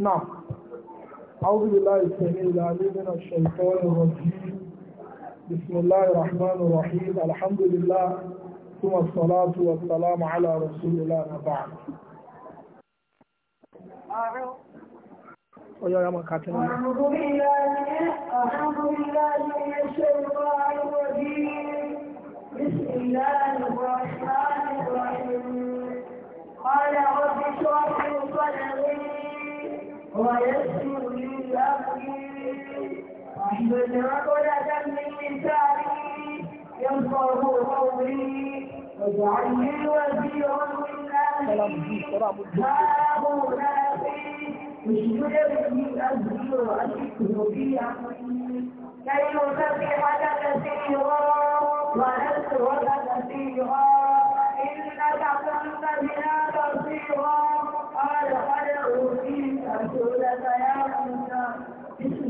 نعم أعوذ بالله السميع العليم من الشيطان الرجيم بسم الله الرحمن الرحيم الحمد لله ثم الصلاة والسلام على رسول الله وبعد أيوة أعوذ بالله من الشيطان الرجيم بسم الله الرحمن الرحيم قال ويسر لي أمري واحلل عقدة من لساني يفقه قولي واجعل لي وزيرا من أهلي هارون أخي اشدد به أزري وأشكر به أمري كي نسبحك كثيرا ونذكرك كثيرا إنك كنت بنا بصيرا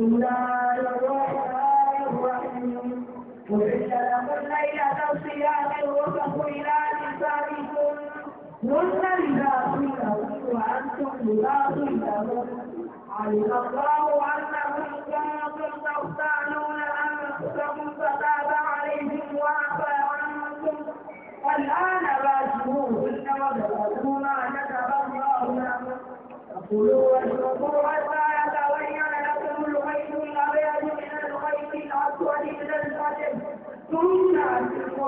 بسم الله الرحمن الرحيم وحل لكم ليلة الصيام الرفق إلى نسائكم هن لباس لكم وأنتم لباس لهم علم الله أنكم كنتم تختانون أنفسكم فتاب عليكم وعفى عنكم الآن باشروهن وابتغوا ما كتب الله واشربوا عسى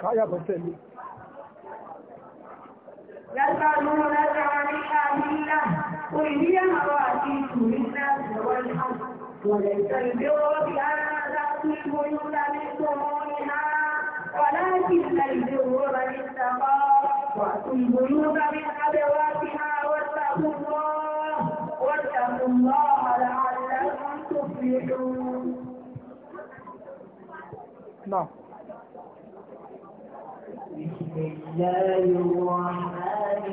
káyà tó tẹ̀lé. يسألونك قل هي مواقيت للناس والحج وليس البر بأن تأتوا البيوت من ظهورها ولكن البر من وأتوا البيوت من أبوابها واتقوا الله واتقوا الله لعلكم تفلحون. نعم. الله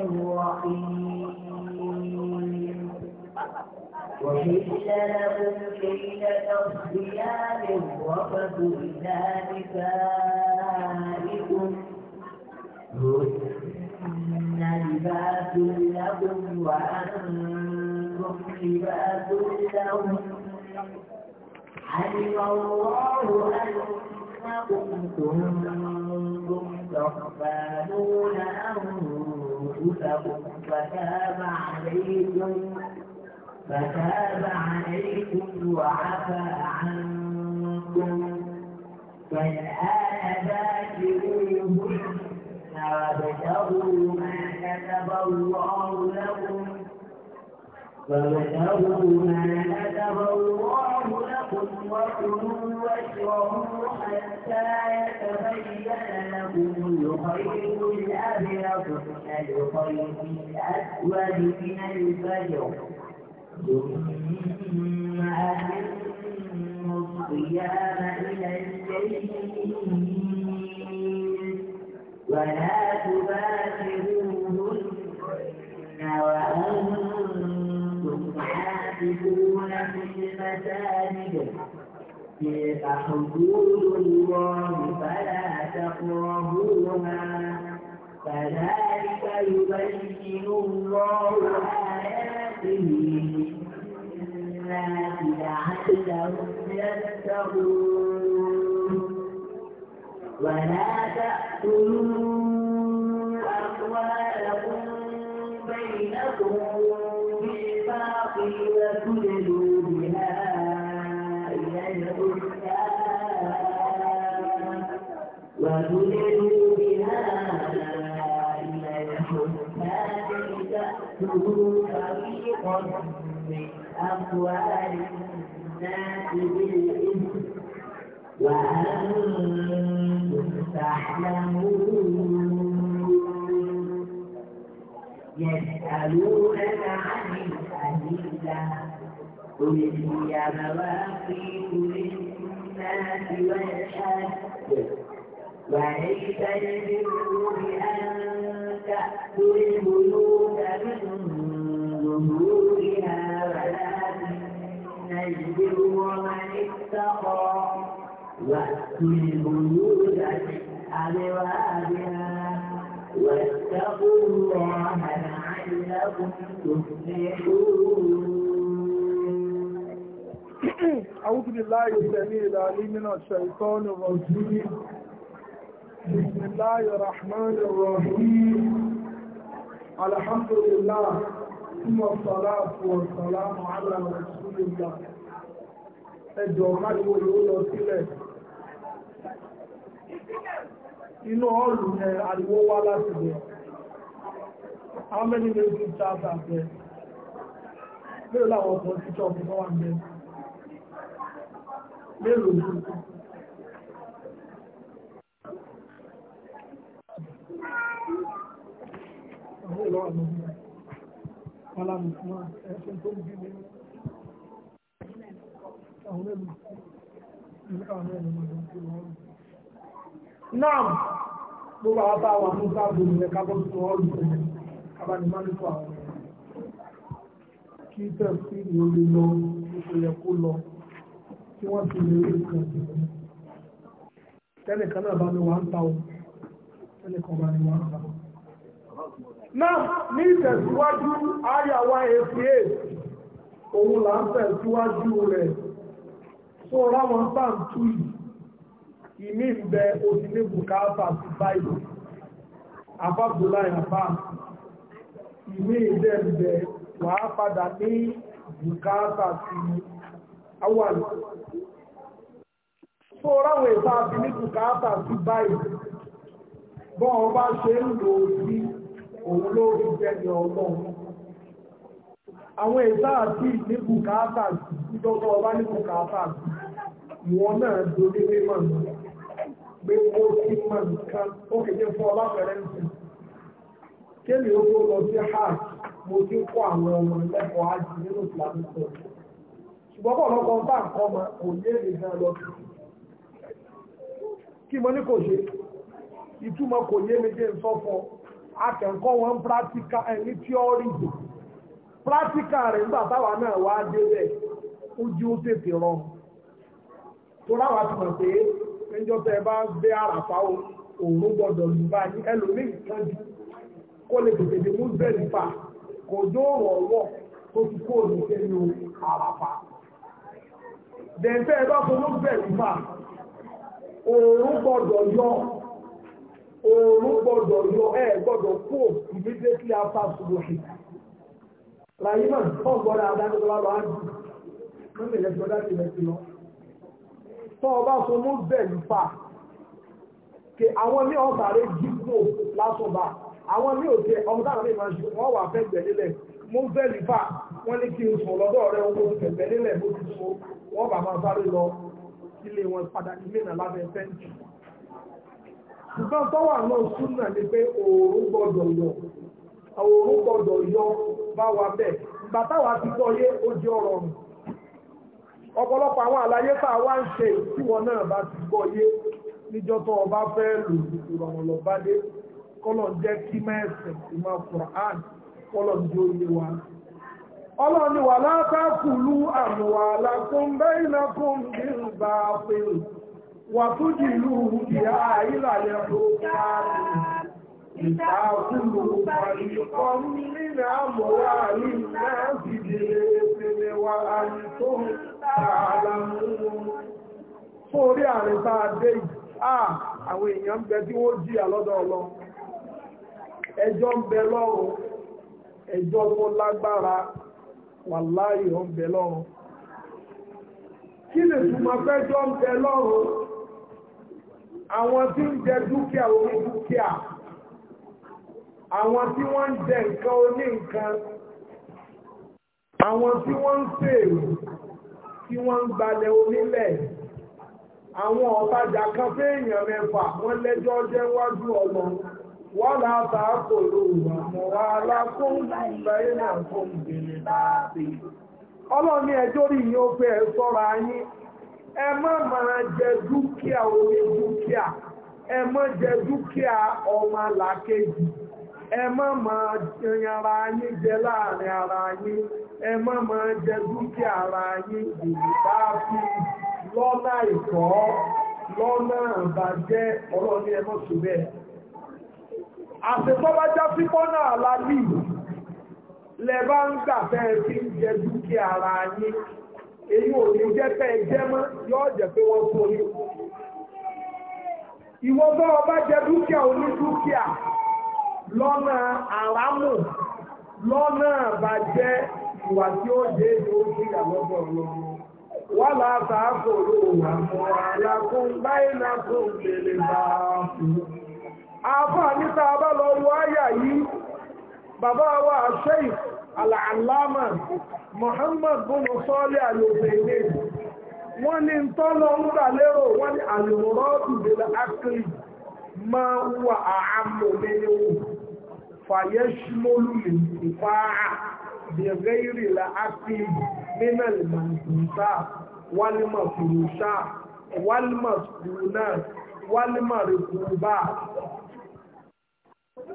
الرحمن الرحيم وحل لهم حيلة الصيام الرفث إلى نسائكم هن لباس لكم وأنتم لباس لهم علم الله أنكم إنكم كنتم تخفانون أنفسكم فتاب عليكم فتاب عليكم وعفى عنكم فالآن باشروهن وابتغوا ما كتب الله لكم فمثله ما كتب الله لكم وكلوا واشربوا حتى يتبين لكم الخير الابيض من الخير الاسود من الفجر ثم أتم الصيام إلى الليل ولا تلك الله فلا تقربوها كذلك يبين الله آياته للناس لعلهم يتقون ولا تأكلوا أموالكم بينكم بالباطل وتدلوا وَنُرِيدُ بِهَا إِلَيْهِ تَأْتُوا فَرِيقًا مِنْ أَمْوَالِ النَّاسِ بِالْإِثْمِ وَأَنْتُمْ تَعْلَمُونَ يسألونك عن الأهلة قل هي مواقيت للناس والحج وليس البر بأن تأكل البيوت من ظهورها ولكن البر من اتقى وأتوا البيوت من أبوابها واتقوا الله لعلكم تفلحون أعوذ بالله السميع العليم من الشيطان الرجيم بسم الله الرحمن الرحيم الحمد لله ثم الصلاة والسلام على رسول الله ẹjọ́ kájú olówó lọ sílẹ̀ inú ọ̀lù yẹn ariwo wá láti bẹ̀ how many days in charge are there mélòó làwọn ọkọ̀ títọ́ ọ̀fẹ́ wà ń bẹ̀ mélòó Náà gbogbo àwọn bá wà ní sáàbò ilẹ̀ kábọ́sùn ọ̀rùn ìpínlẹ̀ abánimánìkò àwọn kí tẹ̀sí ìlú lè lọ ìpínlẹ̀ kó lọ tí wọ́n ti lè rí nǹkan ìpínlẹ̀. Tẹ́lẹ̀ kan náà bá mi wà ta ohun. náà ní ìtẹ̀síwájú àyàwá apa òun là ń tẹ̀síwájú rẹ̀ tó ráwọn pàǹtù yìí ìmí ń bẹ òsìlé bùkátà sí báyìí àbábùlá ìyàbá ìmí ìdẹ́ ń bẹ wàá padà ní sí ráwọn ìfà àbí ní sí bọ́ ọba ṣe ń lò ó sí òun ló fi jẹ́ni ọlọ́run àwọn ìta àti ọba nìkù ìwọ̀n náà pé ó mọ̀ nǹkan ó kéde fún ọba fẹ̀rẹ̀ǹsì kéèmì ó tó lọ sí hajj mo ti kọ́ àwọn ọmọ ẹlẹ́kọ̀ọ́ hajj nínú ìlànà ṣùgbọ́n nǹkan ọmọ kò yé èdè náà lọ kí mo ní kò ṣe ìtumọ̀ kò yé méje sọ fún akẹ́kọ̀ọ́ wọn practical ẹni theory practical rẹ̀ nígbà táwa náà wá débẹ̀ ó jí ó tètè rọrùn tó láwa ti mọ̀ pé ẹjọ́ tẹ bá gbé àràfá òun gbọ́dọ̀ lù báyìí ẹlòmíì kan jù kó lè tètè dé múzẹ́lì fà kò jó ọ̀rọ̀ ọwọ́ tó ti kó òun sẹ́nu àràfá dẹ̀ńtẹ́ ẹ bá fọwọ́ bẹ̀rù fà òun gbọ́dọ̀ yọ oòrùn gbọ́dọ̀ yọ ẹ gbọ́dọ̀ kú immediately after subuhi ràyímà ọ̀ gbọ́dọ̀ adájọ́ wa lọ ájú mọ́mí lẹ́sìn ọ̀dá ti lẹ́sìn lọ tọ́ ọba sọ mú bẹ́ẹ̀ ní fà ke àwọn ní ọ̀sà rẹ̀ jígbó lásọ̀bà àwọn ní òkè ọmọ táwọn mi máa ń ṣe wọ́n wà fẹ́ gbẹ̀lélẹ̀ mú bẹ́ẹ̀ ní fà wọ́n ní kí n sùn lọ́dọ̀ rẹ̀ owó ẹ̀fẹ́ nílẹ̀ bó ti so wọ́n bá máa sáré lọ sílé wọn padà ilé náà lábẹ́ fẹ́ǹtì ṣùgbọ́n tó wà náà súnà ni pé òòrùn gbọ́dọ̀ yọ òòrùn gbọ́dọ̀ yọ bá wa bẹ́ẹ̀ ìgbà táwa ti gbọ́ yé ó jẹ́ ọ̀rọ̀ rùn ọ̀pọ̀lọpọ̀ àwọn àlàyé tá a wá ń ṣe tí wọn náà bá ti gbọ́ yé níjọ́ tó ọba fẹ́ lò ìrọ̀rùn bá dé kọ́lọ̀ jẹ́ wàtújì ìlú ìyá ìlàlẹ̀ ìtàkùlù wa àyí sórí àrẹ̀bá adé àà àwọn èèyàn ń bẹ tí wọ́n jí àlọ́dọ̀ ọlọ́ ẹjọ́ ń bẹ lọ́rùn ẹjọ́ tó lágbára wàláhì ń bẹ lọ́rùn kí lè túnmọ̀ pẹ́jọ́ ń bẹ lọ́rùn àwọn tí ń jẹ dúkìá orí dúkìá àwọn tí wọ́n ń jẹ nǹkan oní nǹkan àwọn tí wọ́n ń fèrè tí wọ́n ń gbalẹ̀ onílẹ̀ àwọn ọ̀tajà kan fẹ́ẹ̀yàn mẹ́fà wọ́n lẹ́jọ́ jẹ́ wájú ọmọ wọ́n láta àmọ́ láàbì ẹ má máa jẹ dúkìá omi dúkìá ẹ má jẹ dúkìá ọmọ làkejì ẹ má máa yanra yín jẹ láàrin ara yín ẹ má máa jẹ dúkìá ara yín èyí bá fi lọ́nà ìkọ́ lọ́nà àbàjẹ́ ọlọ́ni ẹ má sọ bẹ́ẹ̀. àṣetọ́ bá já pípọ́ náà la lì lẹ́bàá ń gbà fẹ́ẹ́ fi ń jẹ dúkìá ara yín. èyí ò ní jẹ́ pẹ́ jẹ́ mọ́ yọ́ jẹ́ pé wọ́n kú oyún. ìwọ bá ọba jẹ dúkìá onídúkìá lọ́nà àrámù lọ́nà àbàjẹ́ ìwà tí ó jẹ́ èdè ó sì lọ́wọ́. wọ́n á sàáfò lóhùn àmọ́ àlàkùn báyìí náà bá bàbá wa alàlámà Muhammad bin sọ́ọ̀lì àlòbẹ̀lẹ̀ wọ́n ní tọ́lọ ń gbà lérò wọ́n ní àlùmọ́rọ́dù bẹ̀rẹ̀ akiri máa ń wà àámò nínú fàyẹ́ ṣímọ́lù lè fà á bẹ̀rẹ̀ ìrìnlá akiri nínú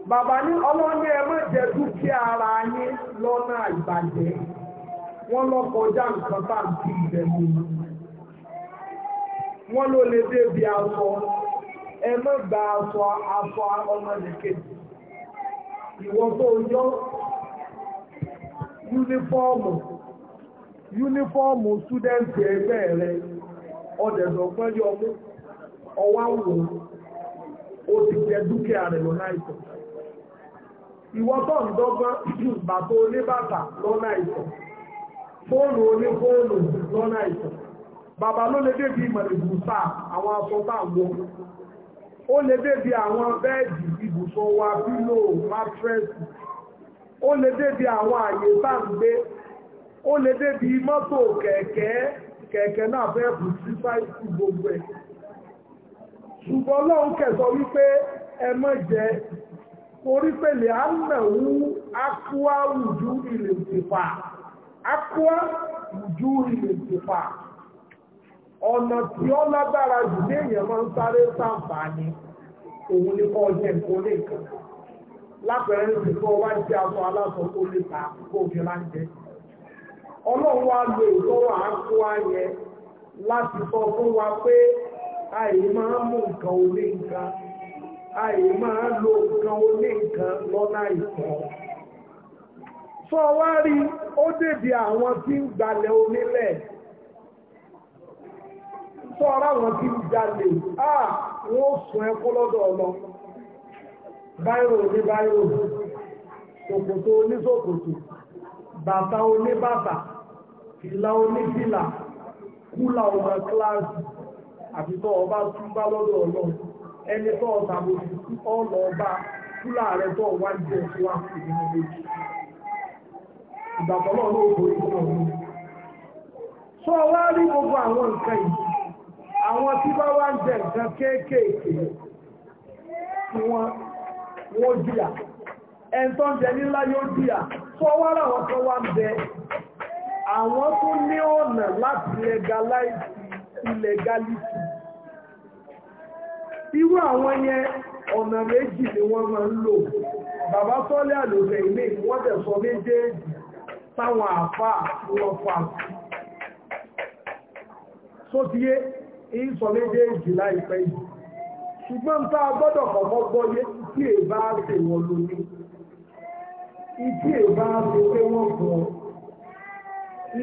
bàbá ní ọlọ́ní ẹ má jẹ dúkìá ara yín lọ́nà ìbàjẹ́ wọ́n lọ kọjá nǹkan bá ń fi ìbẹ̀ mú wọ́n ló lè débi aṣọ ẹ má gba aṣọ aṣọ ọmọnìkejì ìwọ tó yọ yúnífọ́ọ̀mù yúnífọ́ọ̀mù ẹgbẹ́ rẹ yọ ọwọ́ ti jẹ dúkìá ìwọ tó ń dọ́gbọ́n bàtò oníbàtà lọ́nà ìtọ̀ fóònù onífóònù lọ́nà ìtọ̀ bàbá ló lè débi ìmọ̀lẹ̀ ìbùsà àwọn aṣọ bá wọ ó lè débi àwọn bẹ́ẹ̀dì ibùsọ̀ wa bílò mátírẹ́sì ó lè débi àwọn àyè bá ń gbé ó lè débi mọ́tò kẹ̀kẹ́ kẹ̀kẹ́ náà fẹ́ bù sí sáìsì gbogbo ẹ̀ ṣùgbọ́n lọ́hùn kẹsọ wípé ẹ mọ̀ jẹ́ torí pẹ̀lẹ̀ àmàwú akúwá wùjú ilẹ̀ òtìfà akúwá wùjú ilẹ̀ òtìfà ọ̀nà tí ó lágbára jù ní èèyàn máa ń sáré sàǹfààní òun ní kọ́ ọjọ́ nǹkan lè kàn lápẹ̀rẹ́ ní kọ́ wá aṣọ aláṣọ tó lè ta ọlọ́run wá lo ìtọ́wọ̀ akúwá yẹn láti sọ àì máa lo nǹkan oní nǹkan lọ́nà ìtọ́ sọ wá rí ó dèdè àwọn tí ń gbalẹ̀ onílẹ̀ sọ ọ́rọ́ àwọn tí ń jalè à wọ́n sùn ẹkú lọ́dọ̀ ọlọ báyìí ní báyìí ṣòkòtò oníṣòkòtò bàtà oníbàtà ìlà onífìlà kúlà ọmọ kíláàsì àbítọ́ ọba túbá lọ́dọ̀ ọlọ́run ẹni tó ọ̀sà mo ti kú ọ̀lọ́ ọba kúlà rẹ tó wá jẹ́ òkú wá sí ìdílé méjì. Ìgbàgbọ́ náà ló borí fún ọ̀run. Sọ wá rí gbogbo àwọn nǹkan yìí, àwọn tí bá wá ń jẹ nǹkan kéékèèké tí wọ́n wọ́n jìyà. Ẹn tó ń jẹ nílá yóò jìyà. Sọ wá ráwọn tó wá ń bẹ. Àwọn tó ní ọ̀nà láti legalize illegality irú àwọn yẹn ọ̀nà méjì ni wọ́n máa ń lò bàbá sọ́lẹ̀ àlòfẹ́ ilé wọ́n tẹ̀ sọ méjèèjì táwọn àfáà tí wọ́n fà tó ti yé ìsọ méjèèjì láìpẹ́ yìí ṣùgbọ́n tá a gbọ́dọ̀ kọ̀kọ́ gbọ́yé tí è bá ṣe wọ́n lóní ìtí è bá ṣe pé wọ́n fọ́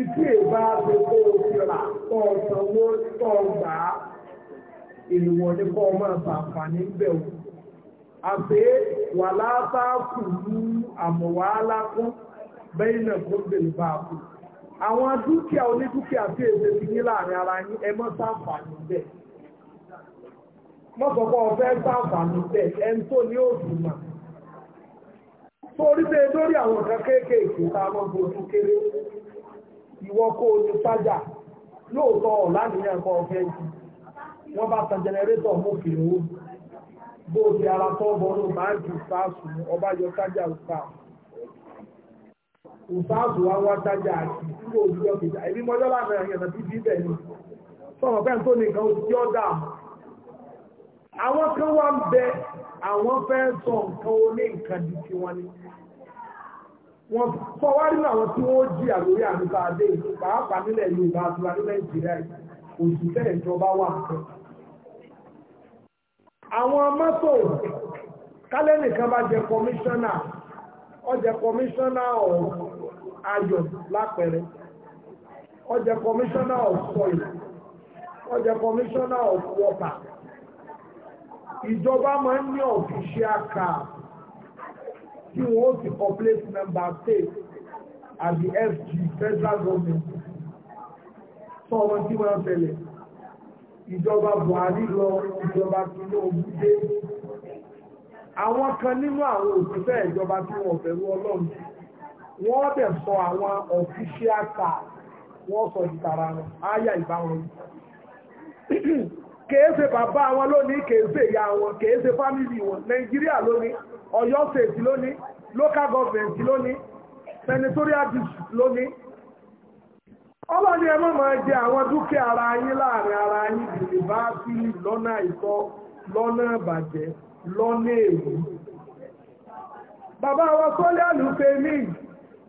ìtí è bá ṣe pé o ti rà tọ́ ọ̀sán èèwọ̀ ní kọ́ ọmọ àǹfààní ń bẹ̀ o wà látàkù ní àmọ̀wá alákún bẹ́yìn náà kó àwọn dúkìá onídúkìá èdè ti ní láàrin ara yín ẹ mọ́ ṣàǹfààní bẹ́ẹ̀ mọ́sọ̀kọ́ ọ̀fẹ́ tó ní mà torí lórí àwọn nǹkan kéékèèké tá a mọ́ kéré kó o sájà lóòótọ́ wọ́n bá tan jẹnẹrétọ̀ mú fi owó bóòdì ara tọ́ọ̀bọ̀ ní báńkì sáàsù ọba yọ tájà ìsáàsù ìsáàsù wa wá tájà àti kúrò ojú ọ̀kẹjà èmi mọ́jọ́ láàrin àyàn àti bíbí ibẹ̀ ni sọ̀rọ̀ bẹ́ẹ̀ tó nìkan ó ti ọ́dà àwọn kan wá ń bẹ àwọn fẹ́ sọ nǹkan oní nǹkan di tiwọn ni wọ́n fọ́ wá nínú àwọn tí wọ́n jí àlórí àmì bá a dé pàápàá nílẹ̀ Yorùbá àti wà Nàìjíríà òṣìṣẹ́ ìjọba wà nǹkan àwọn mọ́tò kálẹ́nìkan bá jẹ kọmíṣánná ó jẹ kọmíṣánná ọ̀rọ̀ ayọ̀ lápẹẹrẹ ó jẹ kọmíṣánná ọ̀sọ̀yì ó jẹ kọmíṣánná ọ̀wọ́pà ìjọba máa ń ní ọ̀fíṣẹ́ àkà tí wọ́n ó sì complete member state àbí FG federal government sọ ọmọ tí wọ́n ń tẹ̀lé ìjọba Buhari lọ ìjọba Tinubu dé àwọn kan nínú àwọn òṣìṣẹ́ ìjọba tí wọ́n fẹ̀rù Ọlọ́run wọ́n dẹ̀ sọ àwọn official card wọ́n sọ ìtara wọn áyà ìbáwọn kèése bàbá wọn lónìí kèése ìyá wọn kèése fámìlì wọn Nàìjíríà lónìí Ọ̀yọ́ state lónìí local government lónìí senatorial district lónìí ọlọ́ni ẹ má máa jẹ àwọn dúkìá ara yín láàrin ara yín bèrè bá sí lọ́nà ìtọ́ lọ́nà ìbàjẹ́ lọ́nà èrò bàbá wa sọ́lé àlùfẹ́ mi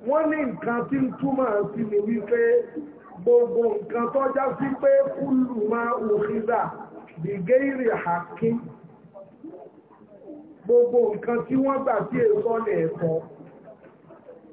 wọ́n ní nǹkan tí ń túmọ̀ sí ni wípé gbogbo nǹkan tó já sí pé kúlù máa òkìdà gbègé ìrì àkín gbogbo nǹkan tí wọ́n gbà sí èso ní ẹ̀tọ́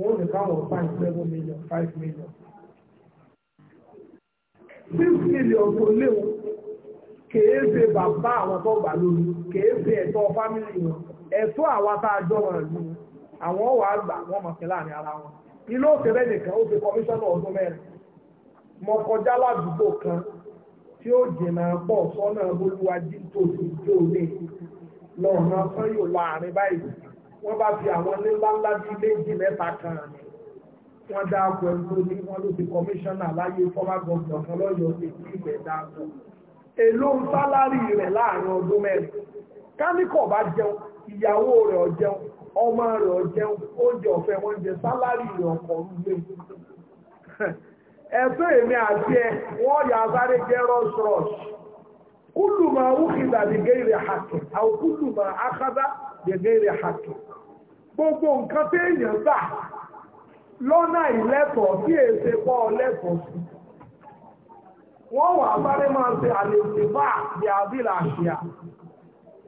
wọ́n ní káwọn five seven million five million six million tó léwu kèé ṣe bàbá àwọn tó gbà lórí kèé ṣe ẹ̀tọ́ fámìlì wọn ẹ̀tọ́ àwa tá a jọ wọn lù àwọn wàá gbà wọ́n mọ̀ sí láàrin ara wọn ilé òkèrè nìkan ó ṣe kọmíṣánná ọdún mẹ́rin mo kọjá ládùúgbò kan tí ó jìnnà pọ̀ sọ́nà olúwa jí tòsí tí ò lè lọ́ọ̀nà sọ́yò láàrin báyìí wọ́n bá fi àwọn ilé ńláńlá bíi méjì mẹ́ta kan ni wọ́n dá akọ ẹni tó ní wọ́n ló ti kọmíṣánná láyé fọ́mà gọ́ọ̀gàn kan lọ́yọ̀ọ́ ti ti ìgbẹ́ dá akọ. èló ń sálárì rẹ̀ láàrin ọdún mẹ́rin káníkọ̀ bá jẹun ìyàwó rẹ̀ ọ̀jẹun ọmọ rẹ̀ ọ̀jẹun oúnjẹ ọ̀fẹ́ wọn jẹ sálárì rẹ̀ ọkọ̀ rúgbẹ́. ẹ̀fẹ́ èmi àti ẹ wọ́n yà sáré jẹ́ rush rush kúlù gbogbo nǹkan téèyàn gbà lọ́nà ìlẹ́tọ̀ọ́ tí èsè pọ̀ sí wọ́n wà sáré máa ṣe àlèsèbá àti àbílà àṣìá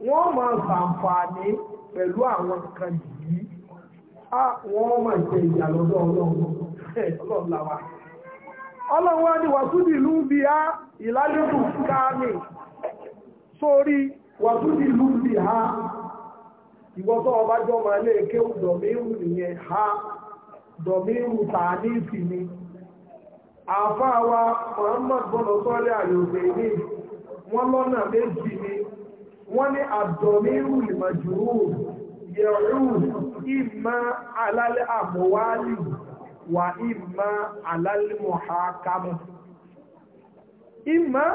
wọ́n máa ṣàǹfààní pẹ̀lú àwọn nǹkan yìí wọ́n máa ṣe ìyà lọ́dọ̀ ọlọ́run ọlọ́run làwà ọlọ́run wá ní wàtúndì ìlú bí á ìlálẹ́kùn káàmì sórí ìlú ìwọ́tọ́ ọba jọ máa lé kéwù dọ̀míhù nìyẹn ha dọ̀míhù tàníìsì ni àáfàá wa Muhammad bọ́lọ̀ sọ́lẹ̀ àyòkè ní wọ́n lọ́nà méjì ni wọ́n ní àdọ̀míhù ìmọ̀jùrù yẹ̀rù ìmọ̀ alálẹ́ àmọ́wálì wà ìmọ̀ alálẹ́ mọ̀hákámù ìmọ̀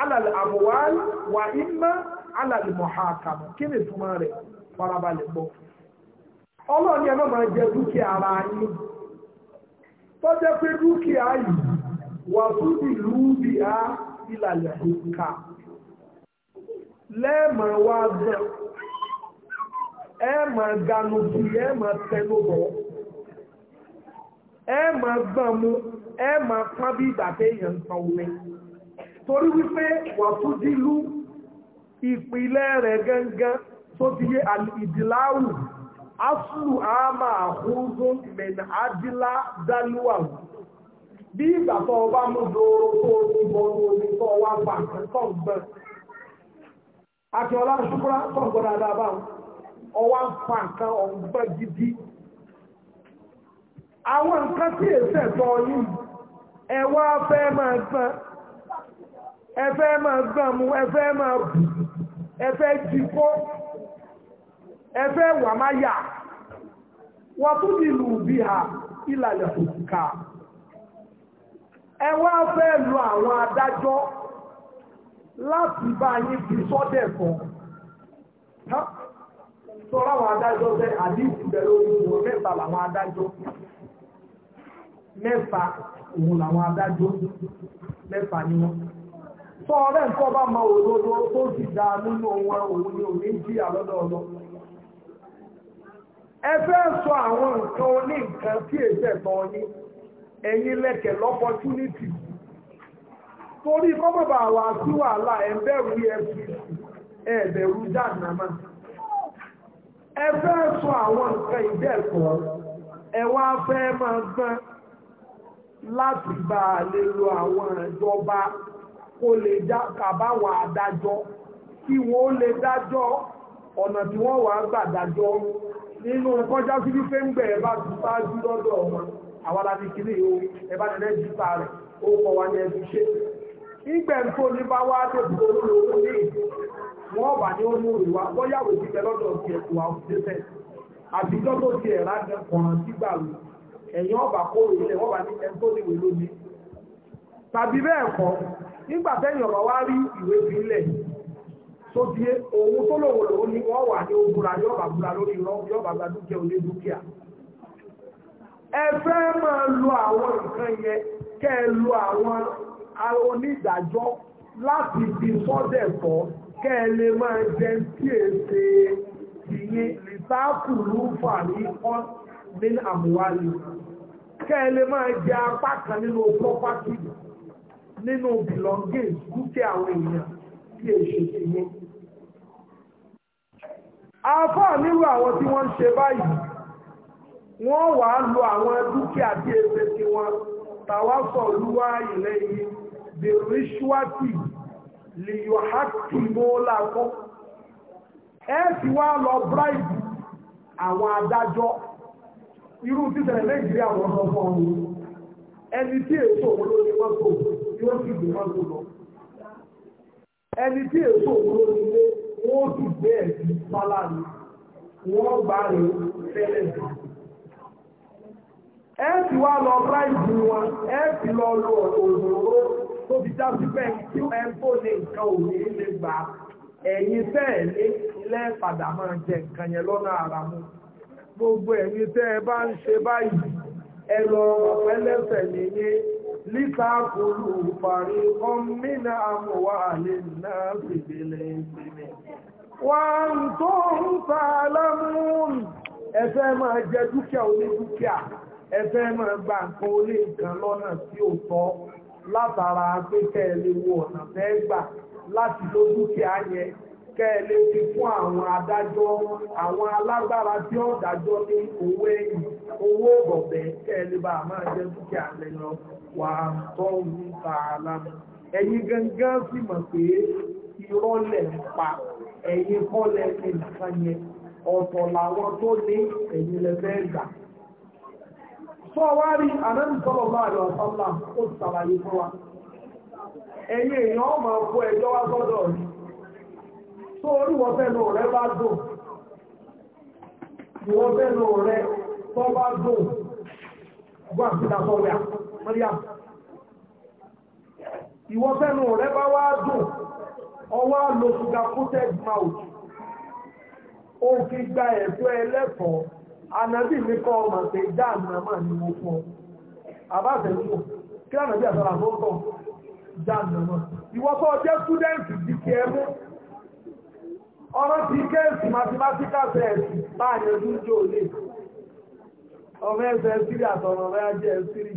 alálẹ́ àmọ́wálì wà ìmọ̀ alálẹ́ mọ̀hákámù kí ni túmọ̀ rẹ̀ farabalẹ̀ gbọ́ ọlọ́run ni ẹ má máa jẹ dúkìá ara yín tó jẹ́ pé dúkìá yìí wà fún ìlú bí a ìlàlẹ̀ òkà lẹ́ẹ̀mọ̀ wá gbọ́n ẹ̀ẹ̀mọ̀ ganu sí ẹ̀ẹ̀mọ̀ tẹnubọ̀ ẹ̀ẹ̀mọ̀ gbọ́n mu ẹ̀ẹ̀mọ̀ pọ́n bí ìgbà téèyàn ń pa omi torí wípé wà fún ìlú ìpìlẹ̀ rẹ̀ gángan tó ti yé ìdìláwù áfùlù àmà àhúnzún mẹ́nà ádìlá dálúwà bí ìgbà tó ọba mú dòrò tó ti bọ́ omi tó wá pa nǹkan gbọ́n àti ọlá ṣúkúrá tó ń gbọ́n dáadáa báwọn ọwá ń pa nǹkan ọ̀gbọ́n gidi àwọn nǹkan tí èsì ẹ̀tọ́ yìí ẹ wá fẹ́ máa gbọ́n ẹ fẹ́ gbọ́n mu ẹ fẹ́ bù ẹ jí kó Ebe wà yà wọ́n tún bí ha ìlàlẹ̀ òkùnkà ẹ wá fẹ́ àwọn adájọ́ láti bá yín fi sọ́dẹ̀ kan sọ́rọ́ àwọn adájọ́ fẹ́ àdínkù bẹ̀rẹ̀ orísun làwọn mẹ́fà òun làwọn adájọ́ mẹ́fà ni sọ nǹkan tó sì dáa nínú wọn òun ni òun jíyà ẹ fẹ́ sọ àwọn nǹkan oní nǹkan tí èsì ẹ̀tọ́ yín ẹ̀yin lẹ́kẹ̀ lọ́pọ̀túnìtì torí kọ́mọ̀bà wà sí wàhálà ẹ̀ bẹ̀rù efcc ẹ̀ bẹ̀rù jàǹdàmà ẹ fẹ́ sọ àwọn nǹkan ìdẹ́kọ̀ọ́ ẹ wá fẹ́ máa gbọ́n láti bá a lè lo àwọn ìjọba kó lè já kàbáwọn adájọ́ kí wọ́n lè dájọ́ ọ̀nà tí wọ́n wà gbàdájọ́ nínú kọjá sí wípé ń bẹ̀rẹ̀ bá ti sáájú lọ́dọ̀ ọmọ àwọn àti kìlì o ẹ̀bá ti rẹ́jísà rẹ̀ ó kọ̀ wá ní ẹbí ṣe. ìgbẹ̀ ń tó ní bá wá dé tó ní owó ní wọ́n wà ní ó mú ìwà bọ́yàwó ti bẹ lọ́dọ̀ ti ẹ̀kọ́ àwọn òṣìṣẹ́ àbíjọ́ tó ti ẹ̀rá jẹ kọ̀ràn sígbà rù ẹ̀yìn ọba kó ìṣẹ̀ wọ́n wà ní ẹni tó níwèé lónìí. tàbí bẹ́ẹ̀ kọ́ nígbà tẹ́yìn ọ̀rọ̀ wá rí ìwé fi ń lẹ̀ tó di òun tó lòwò lòun ni wọ́n wà ní ogúnra yọ́bà búra lórí yọ́bà bá dúkìá olé dúkìá ẹ fẹ́ máa lo àwọn nǹkan yẹn kẹ́ ẹ lo àwọn onídàájọ́ láti fi sọ́dẹ̀ tọ́ kẹ́ ẹ lè máa jẹ tí èsè ìyìn lìtáàkù lúfà ní ọ́n ní àmúwálì kẹ́ lè máa jẹ apá kan nínú property nínú belongings dúkìá àwọn èèyàn tí èsè afọ́ nírú àwọn tí wọ́n ń ṣe báyìí wọ́n wà á lo àwọn dúkìá tí èsè tí wọ́n tàwa sọ lúwá ilẹ̀ yìí the rituality lè yọ hákì mọ́ọ́lá ẹ ti wá lọ bribe àwọn adájọ́ irú títẹ̀lẹ̀ nàìjíríà wọ́n lọ fún ọ̀hún ẹni tí èso òun ló ní wọ́n tó yóò sì gbé wọ́n tó lọ ẹni tí èso òun ló ní lé wọ́n sì bẹ́ẹ̀ sí sálárì wọ́n gbà rẹ̀ tẹ́lẹ̀ ẹ ti wá lọ báyìí wọn ẹ ti lọ lọ òdòdó tó fi já sí pẹ́ kí ẹ tó lè nǹkan òní lè gbà ẹ̀yin tẹ́ẹ̀ ní ilé padà máa jẹ nǹkan yẹn lọ́nà ara mu gbogbo ẹ̀yin tẹ́ ẹ bá ń ṣe báyìí ẹ lọ pẹ́lẹ́sẹ̀ nìyẹn líka kúlù parí ọmọ mìíràn àmúwá àlè náà fìdílé ìpínlẹ̀ wọ́n tó ń ta alámúhùn ẹ̀fẹ́ máa jẹ dúkìá onídúkìá ẹ̀fẹ́ máa gba nǹkan olé nǹkan lọ́nà tí ò tọ́ látara pé kẹ́ẹ̀lẹ́ wo ọ̀nà fẹ́ gbà láti ló dúkìá yẹn kẹ́ẹ̀lẹ́ ti fún àwọn adájọ́ àwọn alágbára tí ó dájọ́ ní owó ẹ̀yìn owó ọ̀bẹ̀ kẹ́ẹ̀lẹ́ bá máa jẹ dúkìá lẹ́yìn wà tó ń ta alámúhùn ẹ̀yin gangan sì mọ̀ pé irọ́ lẹ̀ ń pa. ẹ̀yin kọ́ lẹ́sẹ̀ nìkan yẹn ọ̀tọ̀ làwọn tó ní ẹ̀yin lẹ́fẹ́ gbà. sọ wá rí ànábì bá àdó ọ̀sánlá ó ti ṣàlàyé fún wa ẹ̀yin èèyàn ọmọ ọkọ ẹjọ́ wá sọ́dọ̀ rí tó orí wọn rẹ bá dùn ọwọ́ lo ṣùgbà coated mouth ó fi gba ẹ̀tọ́ ẹlẹ́kọ̀ọ́ ànábì mi kọ́ ọmọ pé dáàmà máa ní mo fún ọ àbáṣẹ́lú kí ànábì àtàrà tó ń tọ̀ dáàmà máa ìwọ́pọ̀ jẹ́ túdẹ́ǹtì ti kí ẹmú ọ̀rọ̀ ti kéèsì mathematical test báyìí ọdún jò lè ọmọ ẹsẹ̀ sírí àtọ̀rọ̀ ọ̀rẹ́ ajẹ́ sírí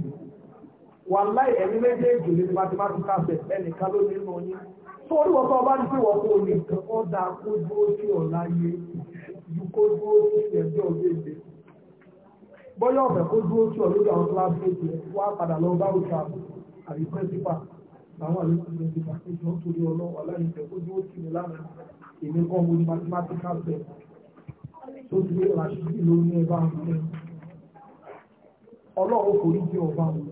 wà láì ẹ̀mí méjèèjì ní mathematical test ẹnìkan ló nínú torí wọ́n tó bá ní pé wọ́n kó o lè kàn ọ́ da kó dúró sí ọ̀la yé ju kó dúró sí ẹgbẹ́ òdèdè bọ́yá ọ̀fẹ́ kó dúró sí ọ̀lódò àwọn kíláàsì ètò wá padà lọ bá òṣà àbí pẹ́ńsípà làwọn àlejò pẹ́ńsípà ètò nítorí ọlọ́wọ́ aláìsẹ̀ kó dúró sí mi lánàá èmi kan mo ní mathematical bẹ́ẹ̀ tó ti lè ràṣíkì ló ẹbá ń fẹ́ ọlọ́run kò ní jẹ́ ọba wọn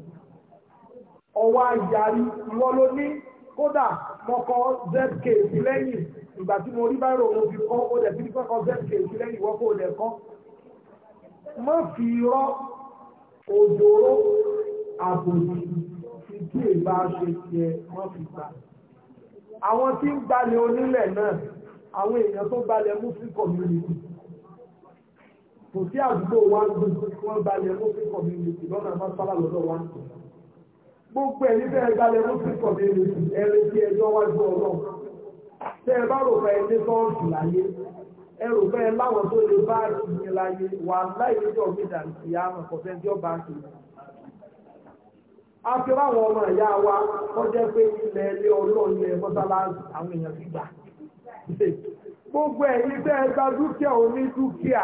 ọwọ́ àjàrí wọn ní kódà mo kọ zk sí lẹ́yìn ìgbà tí mo rí báyìí mo fi kọ́ ó dẹ̀ fi ní kọ́kọ́ zk sí lẹ́yìn ìwọ́ kó dẹ̀ kọ́ mọ́ fi rọ́ òjòrò àbòjì fi kí èbá ṣe tiẹ̀ wọ́n fi gbà àwọn tí ń gbalẹ̀ onílẹ̀ náà àwọn èèyàn tó gbalẹ̀ muslim community kò sí àdúgbò wa ń gbé wọ́n gbalẹ̀ muslim community lọ́nà àbáṣálà lọ́dọ̀ wa ń gbé gbogbo ẹ̀yìn bẹ́ẹ̀ gbalẹ̀ muslim community ẹ̀rẹ́ tí ẹjọ́ wá gbọ́ ọlọ́run tẹ́ ẹ bá rò pé ẹni sọ́ọ̀sì láyé ẹ rò pé láwọn tó lè bá ìyẹn láyé wà láì tí a fi ráwọn ọmọ ìyá wa kọjá pé ilẹ̀ ilé ọlọ́run ilẹ̀ mọ́sálásì àwọn èèyàn ti gbà gbogbo ẹ̀yìn bẹ́ẹ̀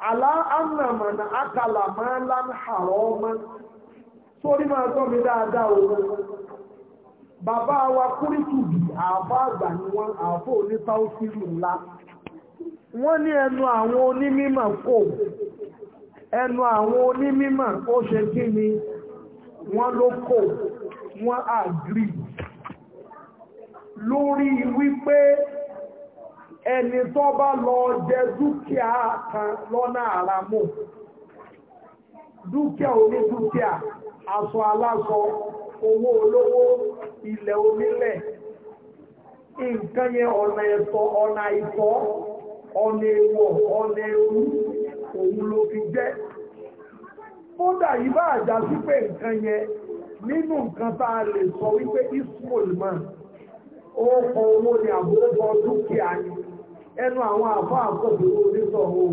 ala anna na akala ma lan haroma sórí máa tọ́ mi dáadáa o Baba wa kúrìtùbì afọ àgbà ni afọ àbó ní táùsírù ńlá wọ́n ní ẹnu àwọn onímímọ̀ kò ẹnu àwọn onímímọ̀ ó ṣe kí ni wọn ló kò wọn àgírí lórí wípé ẹni tó bá lọ jẹ dúkìá kan lọ́nà àràmù dúkìá onídúkìá aṣọ aláṣọ owó olówó ilẹ̀ onílẹ̀ nǹkan yẹn ọ̀nà ẹ̀tọ́ ọ̀nà ìtọ́ ọ̀nà èèwọ̀ ọ̀nà ewu òun ló fi jẹ́ fódà yìí bá àjà sí pé nǹkan yẹn nínú nǹkan tá a lè sọ wípé ismol ni ẹnu àwọn àfá àkọ́bí onítọ̀ ohun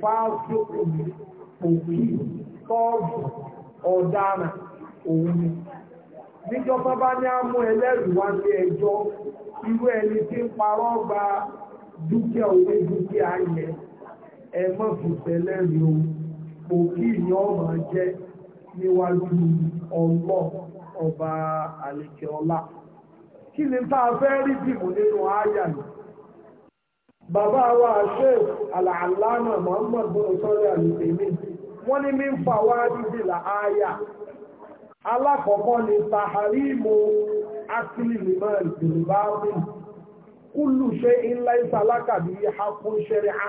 fáájú òkì tọ́ọ̀bù ọ̀daràn òun ni níjọba bá ní á mú ẹlẹ́rìí wá ní ẹjọ́ irú ẹni tí ń parọ́ gba dúkìá òwe dúkìá yẹn ẹ mọ̀ fìfẹ́ lẹ́rìí o òkì ni ọ máa jẹ́ níwájú ọlọ́ ọba àlèkè ọlá kí ni tá fẹ́ rí dìbò nínú ááyà yìí bàbá wa sheikh alàlámà muhammad bin sọ́lẹ̀ àlùfẹ́mí wọ́n ní mí ń fa wá dídì là alákọ̀ọ́kọ́ ni taharimu akili liman bilbaami kúlù ṣe ńlá ìsàlákà bí hakun ṣẹ̀ríà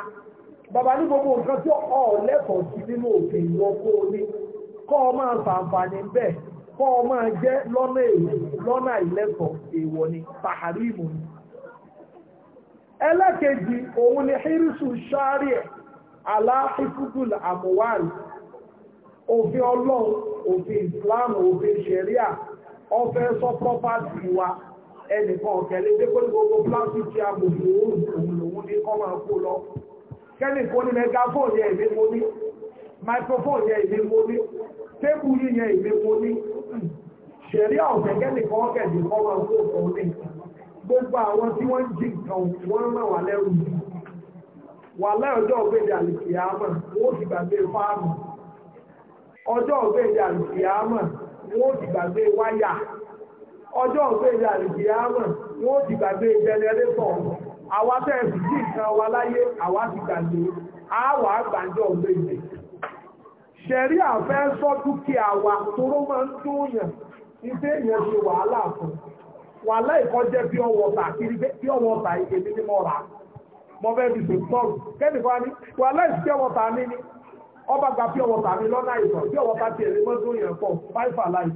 bàbá ní gbogbo nǹkan tí ọ lẹ́kọ̀ọ́ sí nínú òfin ìwọ kó o ní kọ́ ọ máa ṣàǹfààní bẹ́ẹ̀ kọ́ ọ máa jẹ́ lọ́nà ìlẹ́kọ̀ọ́ ẹlẹ́kejì òun ni hírísù ṣáàrí ẹ̀ aláhífúdùl àmúwárì òfin ọlọ́run òfin ìsìláàmù òfin ṣẹ̀ríà ọfẹ́ sọ pọ́pátì wa ẹnìkan ọ̀kẹ́lẹ́ dépò ní gbogbo pláṣíkì àbòbò òun lòun ní kọ́ máa kó lọ kẹ́nìkan ní mẹgáfóòn yẹ ìwé mo ní microphone yẹ ìwé mo ní tébù yìí yẹ gbogbo àwọn tí wọ́n ń jí nǹkan wọ́n rán wà lẹ́rù wà lẹ́ọ̀jọ́ ògbèdè àlùkìyàmọ̀ wọ́n ti gbàgbé fáàmù ọjọ́ ògbèdè àlùkìyàmọ̀ wọ́n ti gbàgbé wáyà ọjọ́ ògbèdè àlùkìyàmọ̀ wọ́n ti gbàgbé jẹnẹrétọ̀ àwa tẹ́ ẹ̀sì sí nǹkan wa láyé àwa ti gbàgbé àfẹ́ yàn wàhálà fún wà láìkọ́ jẹ́ pure water kiri pé pure water èmi ni mo rà mo fẹ́ fi ṣe tọ́lù kẹ́nìkan ni wà láìsí pure water mi ni ọba gba pure water mi lọ́nà ìtọ̀ pure water ti èrè mọ́tò yẹn pọ̀ five alive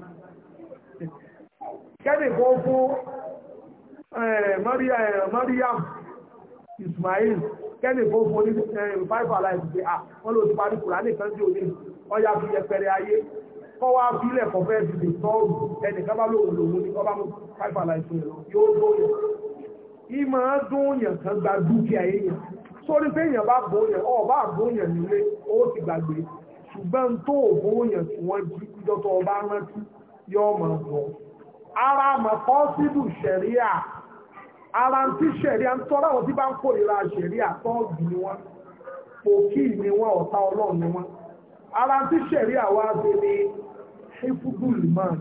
kẹ́nìkan fún eh, eh, Mariam Ismail kẹ́nìkan fún eh, five alive ṣe à wọ́n ló ti parí kùránì kan sí òní ọ̀yà fi yẹpẹrẹ ayé kọ́ wá bílẹ̀ kọ́ fẹ́ dìde sọ́ọ̀rù ẹnì kan bá lòun lòun ní ọba mú káfà láìsí rẹ̀ yóò tó yẹ. ìmọ̀ á dún yàn kan gba dúkìá èèyàn sórí pé èèyàn bá bò yàn ọ̀ bá bò yàn nílé ó ti gbàgbé ṣùgbọ́n tó bò yàn tí wọ́n jí ìjọ́tọ̀ ọba rántí yóò máa bọ̀. ara màkọ́ sídù ṣẹ̀ríà ara ń tí ṣẹ̀ríà ń tọ́ra àwọn tí bá ń kórìíra ṣẹ̀ríà tọ́ọ̀gì ni wọ́n pòkì ni wọ́n ọ̀tá ni wọ́n ara tí ṣẹ̀rí àwa ṣe ni hifugul man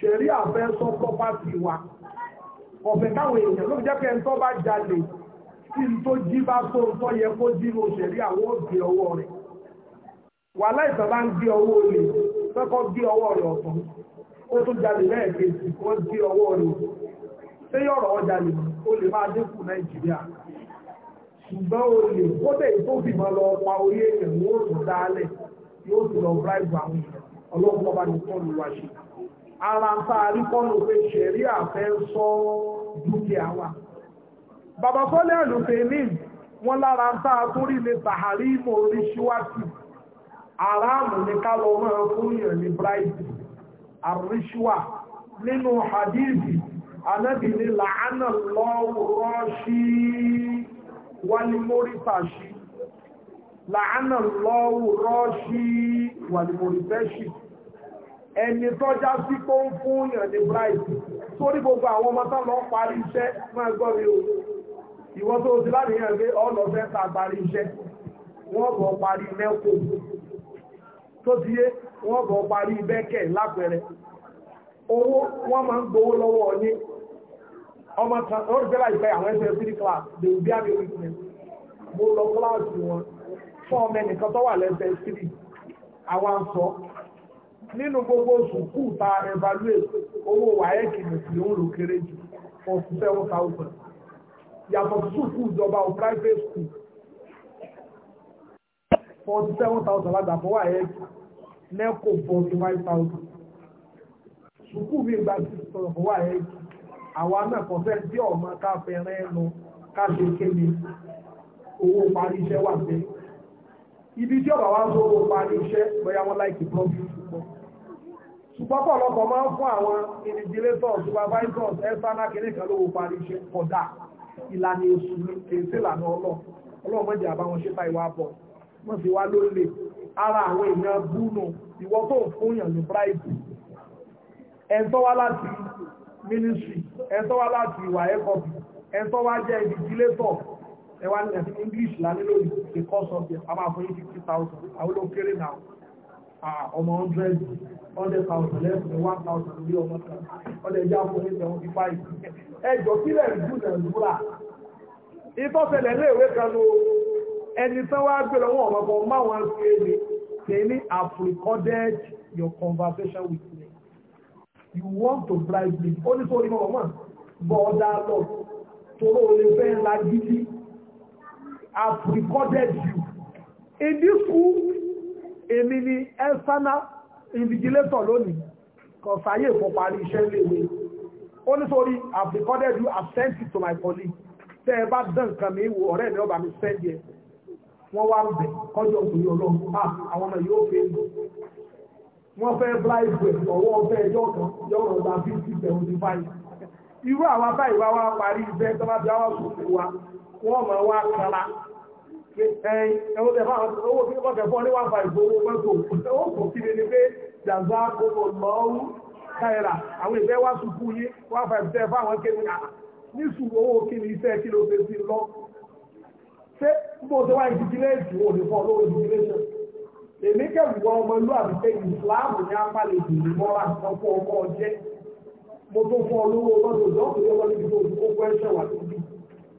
ṣẹ̀rí àfẹ́ sọ property wa ọ̀fẹ́ káwọn èèyàn ló fi jẹ́ pé ẹni tó bá jalè tí n tó jí bá tó ń tọ́ yẹ kó jí ló ṣẹ̀rí àwọn òbí ọwọ́ rẹ̀ wà láìsàn bá ń gbé ọwọ́ olè fẹ́kọ́ gbé ọwọ́ rẹ̀ ọ̀tún ó tún jalè lẹ́ẹ̀kejì wọ́n gbé ọwọ́ rẹ̀ ṣé yọ̀rọ̀ ọjà lè ó lè máa dínkù Nàìjíríà ṣùgbọ́n olè kódà tó fìmọ̀ lọ pa orí èèyàn wọ́n tún dálẹ̀ yóò sì lọ bribe àwọn èèyàn ọlọ́run ọba ní kọ́ọ̀lù wa ṣe ara ń tá a rí kọ́ọ̀lù pé ṣẹ̀rí àfẹ́ sọ dúkìá wa bàbá fọ́lẹ́ àlùfẹ́mìn wọ́n lára ń tá a tún rí lè tàhárí ìmọ̀ orí ṣíwájú aráàmù ní ká lọ rán fún èèyàn ní bribe àríṣíwá nínú hadithi anábìnrin làánà lọ́wọ́ rọ́ṣí wálé mórítàṣí làánà lọ́wọ́ rọ́ṣí wàlìmọ̀lìfẹ́ṣì ẹni tọ́já sí kó ń fún yàn ní bright sórí gbogbo àwọn ọmọ tán lọ parí iṣẹ́ máa gbọ́ mi o ìwọ́n tó ti láti yàn pé ọ̀nà fẹ́ ta parí iṣẹ́ wọ́n bọ̀ parí mẹ́kò tó ti yé wọ́n bọ̀ parí bẹ́kẹ̀ lápẹẹrẹ owó wọ́n máa ń gbowó lọ́wọ́ ọyẹ́ ọmọ tán lọ́rùn tẹ́lá ìfẹ́ àwọn ẹsẹ̀ 3 class they will be a witness mo lọ kíláàsì wọn fún ọmọ ẹnìkan tó wà lẹ́sẹ̀ tírì àwa ń nínú gbogbo sùkúù ta evaluate owó wáyẹ́kì nìkì òun ló kéré jù forty seven thousand yàtọ̀ sùkúù ìjọba o private school forty seven thousand lágbàfọ́ wáyẹ́kì nẹ́kò forty five thousand sùkúù mi gba six thousand fún wáyẹ́kì àwa náà kọ́ bí ọmọ ká fẹ́rẹ́ nu kéde owó parí iṣẹ́ wà bẹ́ẹ̀ ibi tí ọ̀bà wá sọ owó parí iṣẹ́ bóyá wọ́n láìkì pọ́ńtù púpọ̀ ṣùgbọ́n pọ̀lọpọ̀ máa ń fún àwọn invigilators supervisors external clinic lówó parí iṣẹ́ kódà ìlànà èṣù ni kìí sí ìlànà ọlọ́ ọlọ́run mọ́jà àbáwọn ṣe bá ìwà bọ̀ wọ́n sì wá lólè ara àwọn èèyàn búnú ìwọ tó ń fún yàn ní bribe ẹ̀ńtọ́ wá láti ministry ẹ̀ńtọ́ wá láti ìwà ẹ̀kọ́ ẹ̀ńtọ́ wá jẹ́ invigilator ẹ wá ní ẹ̀sìn English lálẹ́ lórí the cost of it a máa fún yín fifty thousand àwọn ló kéré náà ọmọ hundred hundred thousand lẹ́sìn one thousand lórí ọmọ kan ọdẹ ẹja fún yín seventy five ẹjọ kílẹ̀ ìlú nàìjíríà ìtọ́sẹ̀lẹ̀ léèwé kan ló ẹni tán wá gbé lọ́wọ́ ọ̀mọ̀kọ̀ máwọn ṣe é ní tẹ̀lé have recorded your conversation with me you want to bribe me ó ní sórí mọ̀ mọ̀ bọ́ọ̀dá lọ toró olè fẹ́ ńlá gidi have recorded you. In this school, èmi ni external invigilator lónìí, kò sáyé fún parí iṣẹ́ léwe. Ó ní sórí, have recorded you, have sent it to my colleague. Tẹ́ ẹ bá dán nǹkan mi wò ọ̀rẹ́ mi ọba mi send yẹ. Wọ́n wá ń bẹ̀ kọjọ́ òkùnrin ọlọ́run. Ah, àwọn ọmọ yóò fẹ́ lò. Wọ́n fẹ́ bribe ọwọ́ ọ̀fẹ́ ẹjọ́ kan yọ̀rọ̀ ọba fifty seventy five. Irú àwa báyìí wá wá parí iṣẹ́ tó wọ́n mọ̀ wá kára ẹwọ́n tẹ̀fà owó tí wọ́n tẹ̀fọ́ ní wà fà ìgbówó mẹ́tò ó kò kí ni pé jàǹdà kòkò lọ́wọ́ káyẹ̀rà àwọn ìfẹ́ wá sùkú yé wà fà ìfẹ́ fáwọn kéwì ní sùkú owó kí ni iṣẹ́ kí ló fẹ́ sí lọ ṣé bó ṣe wá ìdíjìlẹ́sì wò ní fọ́ lówó ìdíjìlẹ́sì èmi kẹ́wùwọ́ ọmọ ìlú àbíkẹ́ ìsìláàmù ní apálẹ̀ ìdìbò mọ́ra ọkọ̀ ọkọ̀ ọjẹ́ mo tó fọ́ olówó lọ́dọ̀ ìjọ́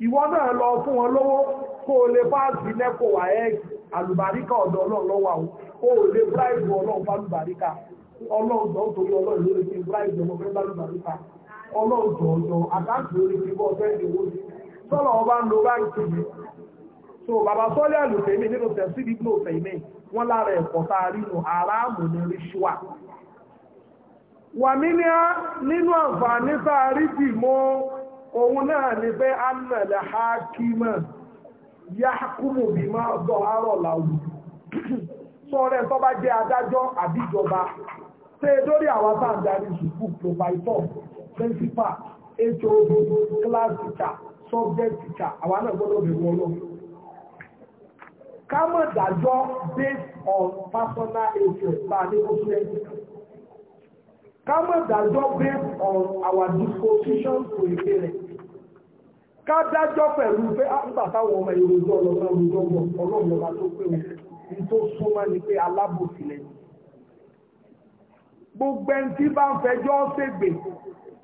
ìwọ náà lọ fún wọn lówó kó o lè páàsì lẹ́kọ̀ọ́ wà ẹ́ àlùbáríkà ọ̀dọ̀ ọlọ́run lọ́wọ́ àwọn kó o lè bíráìbù ọlọ́run fálùbáríkà ọlọ́run tó ń torí ọlọ́run lórí ti bíráìbù ọmọ fẹ́ fálùbáríkà ọlọ́run jọ̀ọ̀jọ̀ àkáǹtì lórí ti bọ́ fẹ́ ìwó ni sọ́lọ̀ ọba ń lo báńkì mi so bàbá sọ́lẹ̀ àlùfẹ́mi nínú tẹ̀sí ìdíbò fẹ̀mí wọ́n lára ẹ̀kọ́ tá a rí nu aráàmù ní ríṣùà wàmí ní nínú àǹfààní tá a rí dì mọ́ òun náà ni pé annàlẹ̀ hákímọ̀ yá kúrò bí máa dọ̀ àárọ̀ làwù sọ́rẹ́ tó bá jẹ́ adájọ́ àbíjọba ṣe lórí àwọn tá à ń principal HOD àwọn náà gbọ́dọ̀ bẹ̀rù ọlọ́run kámọ̀ dájọ́ based on personal interest bá a ní muslim kámọ̀ dájọ́ based on our disposition to a parent ká dájọ́ pẹ̀lú pé ah, nígbà táwọn ọmọ ìròjọ ọlọ́run ọlọ́run ọlọ́run ọba tó pé wọn ní tó súnmọ́ ni pé alábòsílẹ̀ ni gbogbo ẹni tí bá ń fẹjọ́ ṣègbè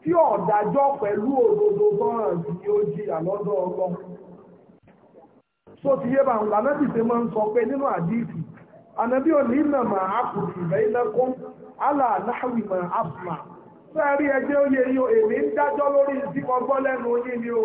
tí ọ̀dájọ́ pẹ̀lú òdodo tọ́ràn tí ó jìyà lọ́dọ̀ ọlọ́run so ti yé báwọn lànàbì ṣe máa ń sọ pé nínú àdìsí ànàbí ò ní nà máa àkùrù ìbẹ́ ilẹ́kùn alà náhàwì máa àfùmá sẹ́ẹ̀rí ẹjẹ́ ó yẹ yín èmi ń dájọ́ lórí ìsìnkọ́ lẹ́nu yín ni o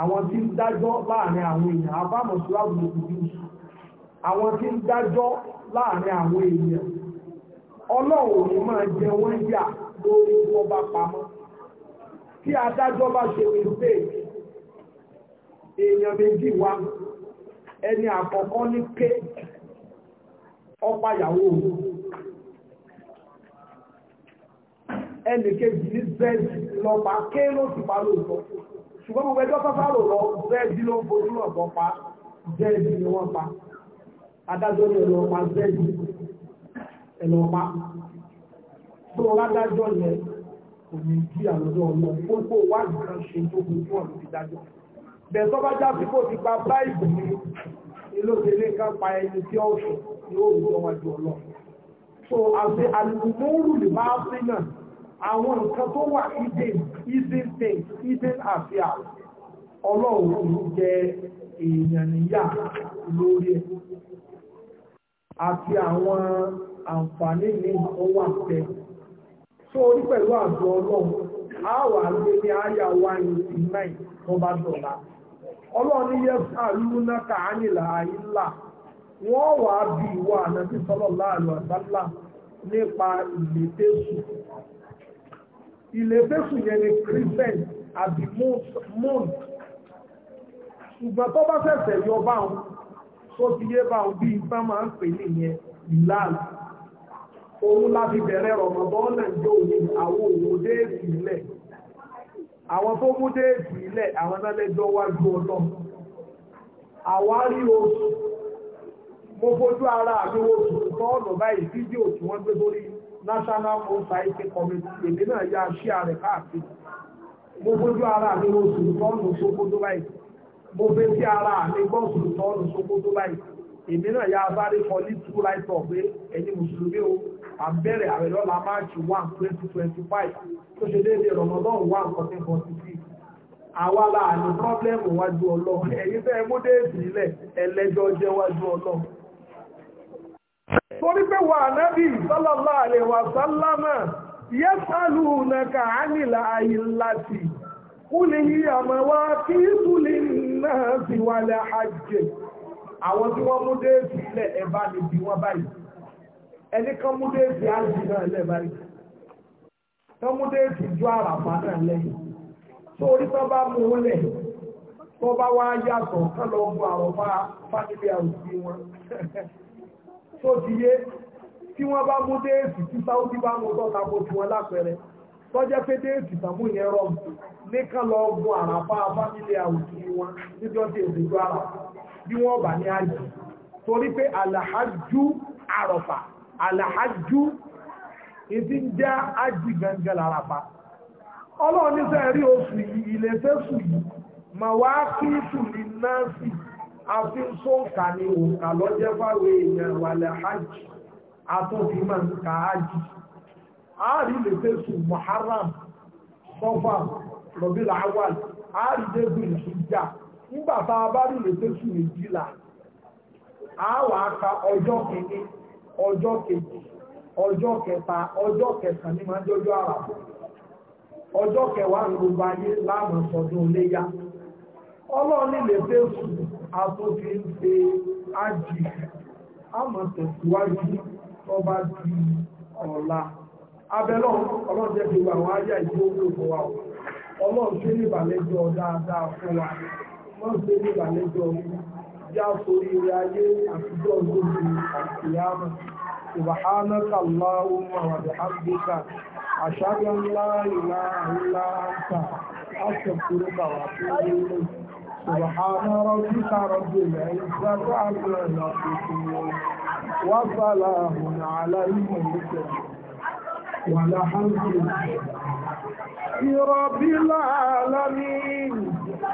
àwọn tí ń dájọ́ láàrin àwọn èèyàn abámọ̀ síwájú lókùnkùn àwọn tí ń dájọ́ láàrin àwọn èèyàn ọlọ́run ní máa jẹ wọ́n yà lórí wọn bá pamọ́ tí adájọ́ bá ṣe mistake èèyàn méjì wá ẹni àkọ́kọ́ ní ké ọpáyàwó ẹnì kejì ní bẹ́ẹ̀dì lọ́pàá ké ló sì pa lóòótọ́ ṣùgbọ́n mo gbẹjọ́ fáfárò lọ zẹ́ẹ̀dì ló ń fojú náà bọ́ pa zẹ́ẹ̀dì ni wọ́n pa adájọ́ ni ẹ̀lọ́ pa zẹ́ẹ̀dì ẹ̀lọ́ pa tó wọn ládájọ́ yẹn kò ní jí ọmọ gbogbo wà nǹkan ṣe tó fojú ọ̀nà ti dájọ́ bẹ́ẹ̀ tó bá jáde kó ti gba báìbù ni ilé òṣèlé pa ẹni tí ọ̀ṣọ́ yóò rí ọwájú ọlọ́run àwọn nǹkan tó wà hidden hidden things hidden affairs ọlọ́run ló jẹ èèyàn níyà lórí ẹ̀ àti àwọn àǹfààní ní ó wà pẹ́ tó orí pẹ̀lú àjọ ọlọ́run a wà lé ní àyà one eighty nine tó bá dọ̀la ọlọ́run ní yẹ àlùmọ́nà kàánìlà àyílà wọ́n wàá bí ìwọ ànábì sọ́lọ́ láàlú àdálà nípa ìlétésù ìlébẹ́sù yẹn ni crescent àbí moon ṣùgbọ́n tó bá ṣẹ̀ṣẹ̀ yọ báwọn tó ti yé báwọn bí ìgbà máa ń pè nìyẹn ìlànà òun láti bẹ̀rẹ̀ rọ̀mọ̀bọ́n náà jẹ́ òní àwọn òun déètì ilẹ̀ àwọn tó mú déètì ilẹ̀ àwọn nálẹ́jọ́ wájú ọlọ́ àwárí oṣù mo fojú ara àbí oṣù tọ́ọ̀nù báyìí fídíò tí wọ́n gbé sórí national mosaic committee èmi náà yá sí ààrẹ káàkiri mo gbójú ara mi wo sùtọ́ọ̀nù sókótó báyìí mo fẹ́ sí ara mi gbọ́ sùtọ́ọ̀nù sókótó báyìí èmi náà yá sáré fọlí tú láìpọ̀ pé ẹ̀yin mùsùlùmí o àbẹ̀rẹ̀ ààrẹ lọ́la march one twenty twenty five tó ṣe déédéé rọmọdọ́n one fourteen forty six àwa la àní pírọ́blẹ́mù wájú ọlọ́run ẹ̀yin fẹ́ mú déèdì ilẹ̀ ẹlẹ́jọ́ jẹ́ wájú ọlọ́run. torí pé wà nábì sọ́lọ́lá àlèwà sálámà yẹ́ sálù nàkà ánìlà àyíláti kúlì àmà wá kí túlì náà sì wà lẹ́ àjẹ́ àwọn tí wọ́n mú dé sí ilẹ̀ ẹ̀bá ni bí wọ́n báyìí ẹni kan mú dé sí àjì náà lẹ́ báyìí kan mú dé sí ju àràfà náà lẹ́yìn torí tó bá mú un lẹ̀ tó bá wá yàtọ̀ kán lọ mú àrọ̀fà fámílì àrùsí wọn tó ti yé tí wọ́n bá mú déètì tí sáúdí bá mú tọ́ta kó tiwọn lápẹẹrẹ tọ́jẹ́ pé déètì tàmú yẹn rọ̀ nìkan lọ gun àràpá fámílì àwùjọ wọn níjọ́ tí èdè ju ara bí wọ́n bá ní àjù torí pé àlàájú àrọ̀fà àlàájú ìdí ń jẹ́ àjì gangan lárapa ọlọ́run ní oṣù yìí ilé fẹ́sù yìí màwá kí tù ní náà sì àfi sóǹkà ni òǹkà lọ́jẹ́ fáwọn èèyàn hajj máa ń ka hajj àárí lè fẹ́sù muharram sọ́fà rọ̀bìlà awal àárí débù ìṣújà nígbà tá a bá rí lè fẹ́sù méjìlá àáwà ka ọjọ́ kìíní ọjọ́ kejì ọjọ́ kẹta ọjọ́ kẹsàn-án máa ń jọjọ́ àràbọ̀ ọjọ́ kẹwàá ń gbogbo ayé láàmú sọdún léyà ọlọ́ọ̀ni lè fẹ́sù atóbi ń ajị ọba di ọla abẹ́lọ́ ọlọ́jẹ́ ti wà wọ́n ayá ìjọ owó fún wa ọlọ́run ṣe ní dáadáa fún wa ṣe ní sórí ilé ayé àti la ilaha illa anta astaghfiruka سبحان ربك رب العزة عما يصفون وسلام على المرسلين والحمد لله رب العالمين